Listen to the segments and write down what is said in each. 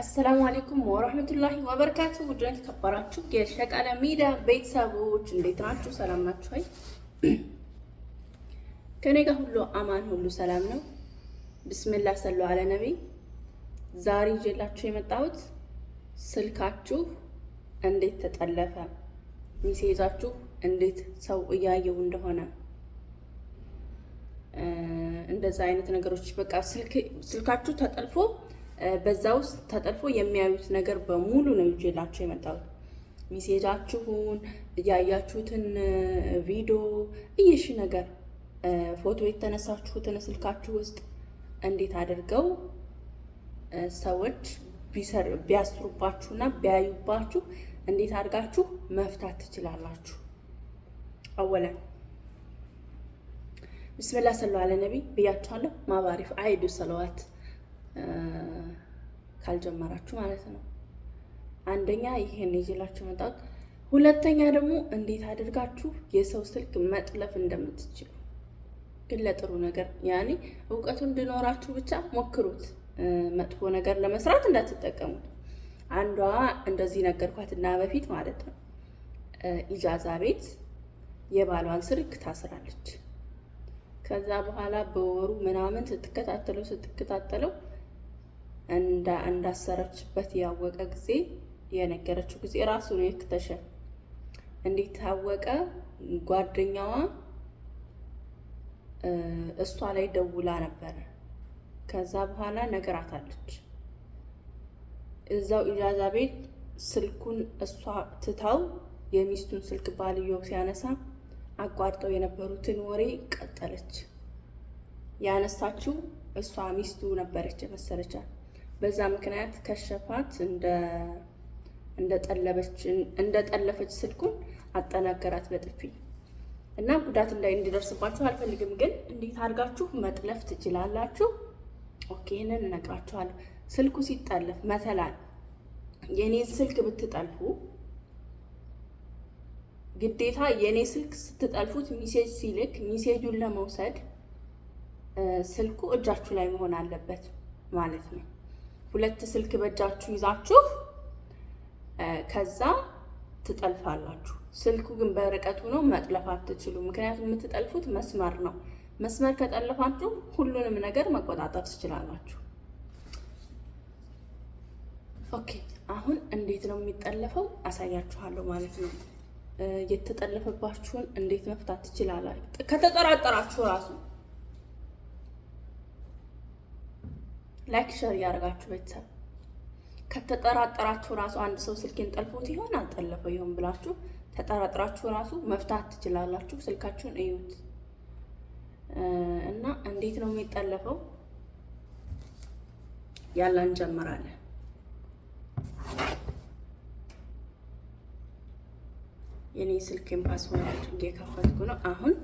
አሰላሙ አሌይኩም ወረህመቱላሂ ወበረካቱ። ውድና የተከበራችሁ የሸቃለ ሚዲያ ቤተሰቦች እንዴት ናችሁ? ሰላም ናችሁ? አይ ከኔ ጋር ሁሉ አማን ሁሉ ሰላም ነው። ብስምላ ሰሉ አለ ነቢ። ዛሬ ይዤላችሁ የመጣሁት ስልካችሁ እንዴት ተጠለፈ፣ ሚሴዛችሁ እንዴት ሰው እያየው እንደሆነ እንደዛ አይነት ነገሮች በቃ ስልካችሁ ተጠልፎ በዛ ውስጥ ተጠልፎ የሚያዩት ነገር በሙሉ ነው ይዤላችሁ የመጣሁት። ሚሴጃችሁን፣ እያያችሁትን ቪዲዮ እየሺ ነገር ፎቶ የተነሳችሁትን ስልካችሁ ውስጥ እንዴት አድርገው ሰዎች ቢያስሩባችሁና ቢያዩባችሁ እንዴት አድርጋችሁ መፍታት ትችላላችሁ? አወለ ብስምላ ሰለላሁ ነቢ ብያችኋለሁ። ማባሪፍ አይዱ ሰለዋት ካልጀመራችሁ ማለት ነው። አንደኛ ይሄን ይዤላችሁ መጣት፣ ሁለተኛ ደግሞ እንዴት አድርጋችሁ የሰው ስልክ መጥለፍ እንደምትችሉ ግን ለጥሩ ነገር ያኔ እውቀቱ እንዲኖራችሁ ብቻ ሞክሩት። መጥፎ ነገር ለመስራት እንዳትጠቀሙት። አንዷ እንደዚህ ነገርኳት እና በፊት ማለት ነው ኢጃዛ ቤት የባሏን ስልክ ታስራለች። ከዛ በኋላ በወሩ ምናምን ስትከታተለው ስትከታተለው እንዳሰረችበት ያወቀ ጊዜ የነገረችው ጊዜ ራሱ ነው የክተሸ እንዴት ታወቀ? ጓደኛዋ እሷ ላይ ደውላ ነበረ። ከዛ በኋላ ነገራታለች። እዛው ኢጃዛ ቤት ስልኩን እሷ ትታው የሚስቱን ስልክ ባልየው ሲያነሳ አቋርጠው የነበሩትን ወሬ ቀጠለች። ያነሳችው እሷ ሚስቱ ነበረች የመሰለቻት በዛ ምክንያት ከሸፋት እንደጠለፈች ስልኩን አጠናከራት በጥፊ እና ጉዳት እንዳይ እንዲደርስባችሁ አልፈልግም። ግን እንዴት አድርጋችሁ መጥለፍ ትችላላችሁ? ኦኬ ይህንን እነግራችኋለሁ። ስልኩ ሲጠለፍ መተላል የኔን ስልክ ብትጠልፉ ግዴታ የኔ ስልክ ስትጠልፉት ሚሴጅ ሲልክ ሚሴጁን ለመውሰድ ስልኩ እጃችሁ ላይ መሆን አለበት ማለት ነው። ሁለት ስልክ በእጃችሁ ይዛችሁ ከዛ ትጠልፋላችሁ። ስልኩ ግን በርቀት ሆኖ መጥለፍ አትችሉ። ምክንያቱም የምትጠልፉት መስመር ነው። መስመር ከጠለፋችሁ ሁሉንም ነገር መቆጣጠር ትችላላችሁ። ኦኬ፣ አሁን እንዴት ነው የሚጠለፈው አሳያችኋለሁ ማለት ነው። የተጠለፈባችሁን እንዴት መፍታት ትችላላችሁ ከተጠራጠራችሁ ራሱ ላይክ ሸር እያደረጋችሁ ቤተሰብ ከተጠራጠራችሁ ራሱ አንድ ሰው ስልኬን ጠልፎት ይሆን አልጠለፈው ይሆን ብላችሁ ተጠራጥራችሁ ራሱ መፍታት ትችላላችሁ። ስልካችሁን እዩት እና እንዴት ነው የሚጠለፈው? ያላ እንጀምራለን። የኔ ስልኬን ፓስወርድ አድርጌ ከፈትኩ ነው አሁን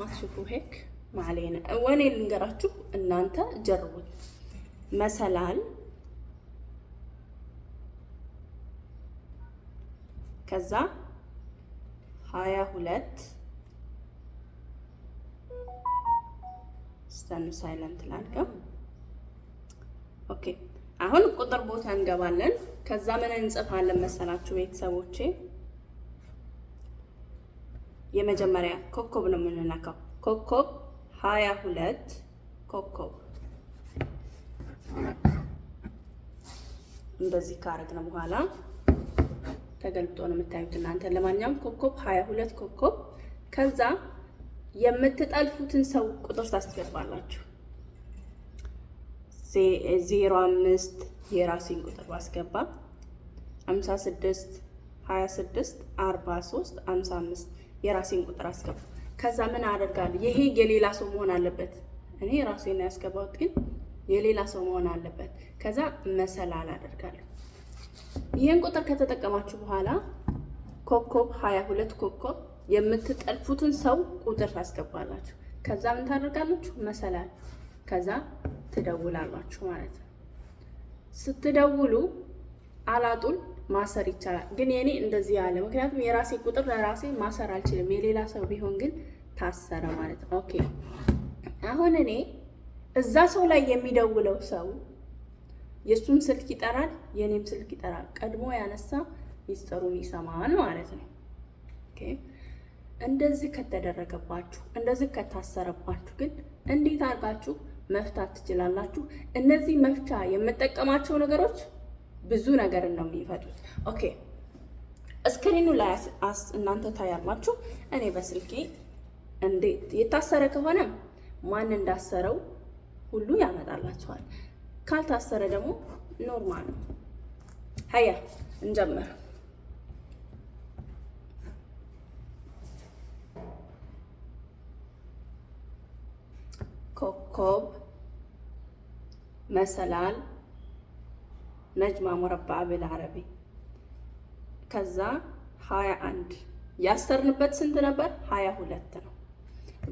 ማክሽፉ ሄክ ማለ ወኔ ልንገራችሁ እናንተ ጀርቡኝ። መሰላል ከዛ ሀያ ሁለት ስተኑ ሳይለንት ላድርገው። ኦኬ አሁን ቁጥር ቦታ እንገባለን። ከዛ ምን እንጽፋለን መሰላችሁ ቤተሰቦቼ? የመጀመሪያ ኮከብ ነው የምንነካው ኮከብ ሀያ ሁለት ኮከብ እንደዚህ ካረግነ በኋላ ተገልብጦ ነው የምታዩት እናንተ። ለማንኛውም ኮከብ ሀያ ሁለት ኮከብ። ከዛ የምትጠልፉትን ሰው ቁጥር ታስገባላችሁ። ዜሮ አምስት የራሴን ቁጥር ባስገባ ሀምሳ ስድስት ሀያ ስድስት አርባ ሶስት ሀምሳ አምስት የራሴን ቁጥር አስገባ ከዛ ምን አደርጋለሁ? ይሄ የሌላ ሰው መሆን አለበት። እኔ ራሴን ያስገባሁት ግን የሌላ ሰው መሆን አለበት። ከዛ መሰላል አደርጋለሁ። ይህን ቁጥር ከተጠቀማችሁ በኋላ ኮከብ 22 ኮከብ የምትጠልፉትን ሰው ቁጥር ታስገባላችሁ። ከዛ ምን ታደርጋላችሁ? መሰላል ከዛ ትደውላላችሁ ማለት ነው። ስትደውሉ አላጡን ማሰር ይቻላል። ግን የኔ እንደዚህ ያለ ምክንያቱም የራሴ ቁጥር ለራሴ ማሰር አልችልም። የሌላ ሰው ቢሆን ግን ታሰረ ማለት ነው። ኦኬ አሁን እኔ እዛ ሰው ላይ የሚደውለው ሰው የእሱም ስልክ ይጠራል፣ የእኔም ስልክ ይጠራል። ቀድሞ ያነሳ ሚስጥሩን ይሰማል ማለት ነው። ኦኬ እንደዚህ ከተደረገባችሁ፣ እንደዚህ ከታሰረባችሁ ግን እንዴት አድርጋችሁ መፍታት ትችላላችሁ? እነዚህ መፍቻ የምጠቀማቸው ነገሮች ብዙ ነገርን ነው የሚፈጥሩት። ኦኬ እስክሪኑ ላይ እናንተ ታያላችሁ። እኔ በስልኬ እንዴት የታሰረ ከሆነ ማን እንዳሰረው ሁሉ ያመጣላችኋል። ካልታሰረ ደግሞ ኖርማል ነው። ሀያ እንጀምር። ኮከብ መሰላል ነጅማ ሙረባ ብልአረቢ ከዛ አንድ ያሰርንበት ስንት ነበር? 22 ነው።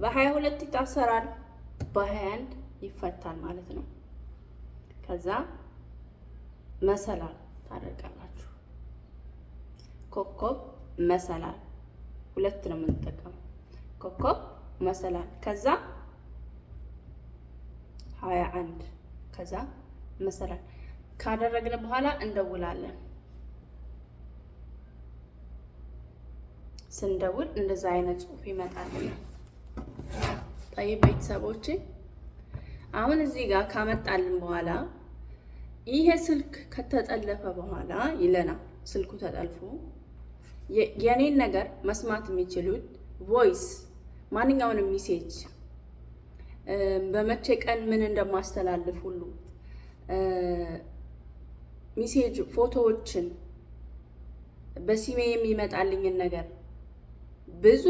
በ22 ይታሰራል፣ በ21 ይፈታል ማለት ነው። ከዛ መሰላል ታደርጋላችሁ። ኮከብ መሰላል ሁለት ነው የምንጠቀመው። ኮከብ መሰላል ከዛ 21 ከዛ መሰላል ካደረግን በኋላ እንደውላለን። ስንደውል እንደዛ አይነት ጽሁፍ ይመጣል። ይ ቤተሰቦቼ አሁን እዚህ ጋር ካመጣልን በኋላ ይሄ ስልክ ከተጠለፈ በኋላ ይለና ስልኩ ተጠልፎ የኔን ነገር መስማት የሚችሉት ቮይስ፣ ማንኛውንም ሚሴጅ በመቼ ቀን ምን እንደማስተላልፍ ሁሉ ሚሴጅ ፎቶዎችን በሲሜ የሚመጣልኝን ነገር ብዙ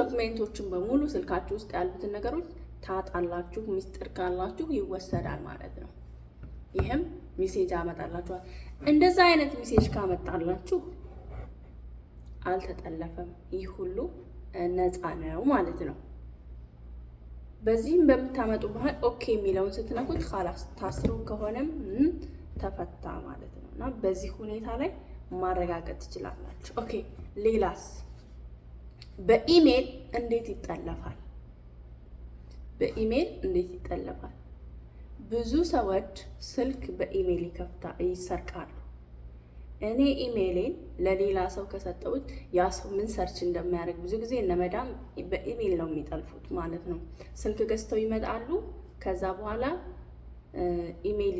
ዶክሜንቶችን በሙሉ ስልካችሁ ውስጥ ያሉትን ነገሮች ታጣላችሁ። ሚስጥር ካላችሁ ይወሰዳል ማለት ነው። ይህም ሚሴጅ አመጣላችኋል። እንደዛ አይነት ሚሴጅ ካመጣላችሁ አልተጠለፈም፣ ይህ ሁሉ ነፃ ነው ማለት ነው። በዚህም በምታመጡ ባህል ኦኬ የሚለውን ስትነኩት ካላስ ታስሮ ከሆነም ተፈታ ማለት ነው። እና በዚህ ሁኔታ ላይ ማረጋገጥ ትችላላችሁ። ኦኬ ሌላስ በኢሜል እንዴት ይጠለፋል? በኢሜል እንዴት ይጠለፋል? ብዙ ሰዎች ስልክ በኢሜል ይከፍታ ይሰርቃሉ። እኔ ኢሜይሌን ለሌላ ሰው ከሰጠሁት ያ ሰው ምን ሰርች እንደሚያደርግ ብዙ ጊዜ እነ መዳም በኢሜይል ነው የሚጠልፉት ማለት ነው። ስልክ ገዝተው ይመጣሉ። ከዛ በኋላ ኢሜይል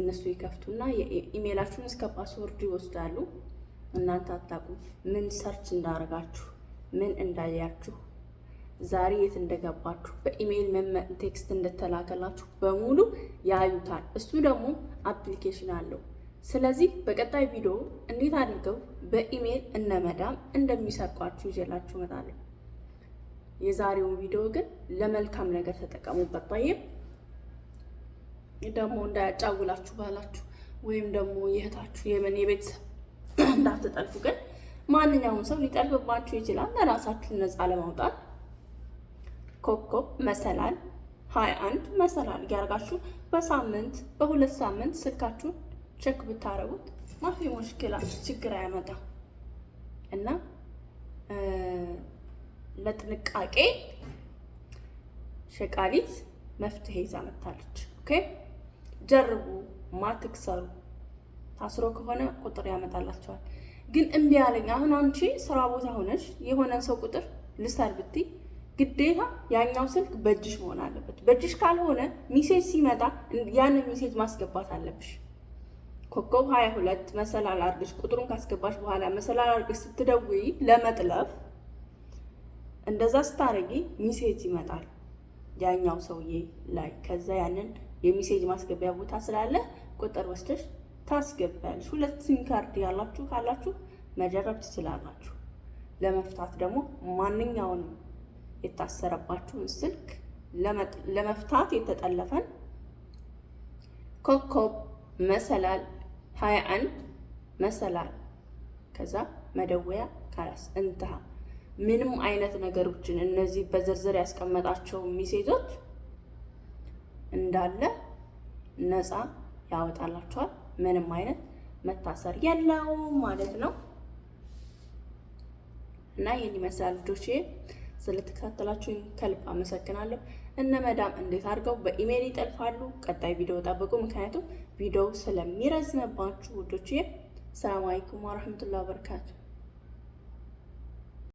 እነሱ ይከፍቱና ኢሜይላችሁን እስከ ፓስወርድ ይወስዳሉ። እናንተ አታውቁ ምን ሰርች እንዳደረጋችሁ ምን እንዳያችሁ ዛሬ የት እንደገባችሁ በኢሜይል ቴክስት እንደተላከላችሁ በሙሉ ያዩታል። እሱ ደግሞ አፕሊኬሽን አለው። ስለዚህ በቀጣይ ቪዲዮ እንዴት አድርገው በኢሜይል እነመዳም እንደሚሰርቋችሁ ይዤላችሁ እመጣለሁ። የዛሬውን ቪዲዮ ግን ለመልካም ነገር ተጠቀሙበት። ደግሞ እንዳያጫውላችሁ ባላችሁ ወይም ደግሞ የእህታችሁ የምን የቤተሰብ እንዳትጠልፉ። ግን ማንኛውም ሰው ሊጠልፍባችሁ ይችላል። ለራሳችሁን ነፃ ለማውጣት ኮከብ መሰላል ሀያ አንድ መሰላል ያርጋችሁ በሳምንት በሁለት ሳምንት ስልካችሁን ቼክ ብታረጉት ማፊ ሙሽኪላ ችግር አያመጣ እና ለጥንቃቄ ሸቃሊት መፍትሄ ይዛ መታለች። ኦኬ ጀርቡ ማትክሰሩ ታስሮ ከሆነ ቁጥር ያመጣላቸዋል። ግን እምቢ ያለኝ አሁን አንቺ ስራ ቦታ ሆነሽ የሆነን ሰው ቁጥር ልሳል ብትይ ግዴታ ያኛው ስልክ በእጅሽ መሆን አለበት። በእጅሽ ካልሆነ ሚሴጅ ሲመጣ ያንን ሚሴጅ ማስገባት አለብሽ። ኮከብ ሀያ ሁለት መሰላል አድርግሽ ቁጥሩን ካስገባሽ በኋላ መሰላል አድርግሽ ስትደውይ ለመጥለፍ እንደዛ ስታረጊ ሚሴጅ ይመጣል ያኛው ሰውዬ ላይ ከዛ ያንን የሜሴጅ ማስገቢያ ቦታ ስላለ ቁጥር ወስደሽ ታስገቢያለሽ። ሁለት ሲም ካርድ ያላችሁ ካላችሁ መጀረብ ትችላላችሁ። ለመፍታት ደግሞ ማንኛውንም የታሰረባችሁን ስልክ ለመፍታት የተጠለፈን ኮከብ መሰላል 21 መሰላል ከዛ መደወያ ካላስ እንትሃ ምንም አይነት ነገሮችን እነዚህ በዝርዝር ያስቀመጣቸው ሚሴጆች እንዳለ ነፃ ያወጣላችኋል። ምንም አይነት መታሰር የለውም ማለት ነው። እና ይህን ይመስላል ልጆቼ። ስለተከታተላችሁኝ ከልብ አመሰግናለሁ። እነ መዳም እንዴት አድርገው በኢሜይል ይጠልፋሉ? ቀጣይ ቪዲዮ ጠብቁ። ምክንያቱም ቪዲዮው ስለሚረዝምባችሁ ውዶቼ። ሰላም አለይኩም ወረህመቱላሂ ወበረካቱ